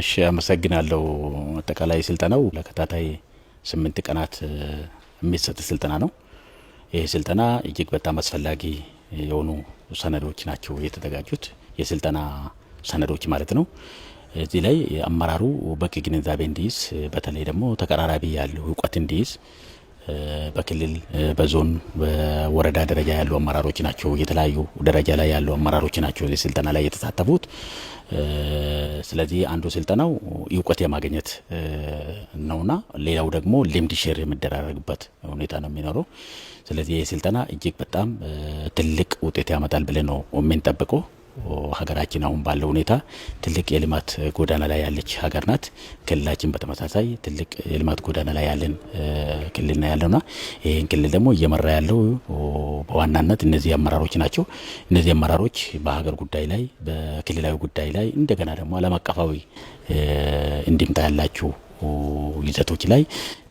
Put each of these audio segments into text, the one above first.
እሺ አመሰግናለሁ። አጠቃላይ ስልጠናው ለከታታይ ስምንት ቀናት የሚሰጥ ስልጠና ነው። ይህ ስልጠና እጅግ በጣም አስፈላጊ የሆኑ ሰነዶች ናቸው የተዘጋጁት፣ የስልጠና ሰነዶች ማለት ነው። እዚህ ላይ አመራሩ በቂ ግንዛቤ እንዲይዝ፣ በተለይ ደግሞ ተቀራራቢ ያሉ እውቀት እንዲይዝ በክልል በዞን በወረዳ ደረጃ ያሉ አመራሮች ናቸው የተለያዩ ደረጃ ላይ ያሉ አመራሮች ናቸው ስልጠና ላይ የተሳተፉት። ስለዚህ አንዱ ስልጠናው እውቀት የማግኘት ነውና ሌላው ደግሞ ልምድ ሼር የሚደራረግበት ሁኔታ ነው የሚኖረው። ስለዚህ ይህ ስልጠና እጅግ በጣም ትልቅ ውጤት ያመጣል ብለን ነው የምንጠብቀው። ሀገራችን አሁን ባለው ሁኔታ ትልቅ የልማት ጎዳና ላይ ያለች ሀገር ናት። ክልላችን በተመሳሳይ ትልቅ የልማት ጎዳና ላይ ያለን ክልል ነው ያለውና ይህን ክልል ደግሞ እየመራ ያለው በዋናነት እነዚህ አመራሮች ናቸው። እነዚህ አመራሮች በሀገር ጉዳይ ላይ በክልላዊ ጉዳይ ላይ እንደገና ደግሞ ዓለም አቀፋዊ እንድምታ ያላቸው ይዘቶች ላይ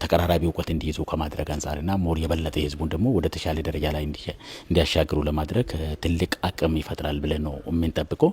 ተቀራራቢ እውቀት እንዲይዙ ከማድረግ አንጻርና ሞር የበለጠ ህዝቡን ደግሞ ወደ ተሻለ ደረጃ ላይ እንዲያሻግሩ ለማድረግ ትልቅ አቅም ይፈጥራል ብለን ነው የምንጠብቀው።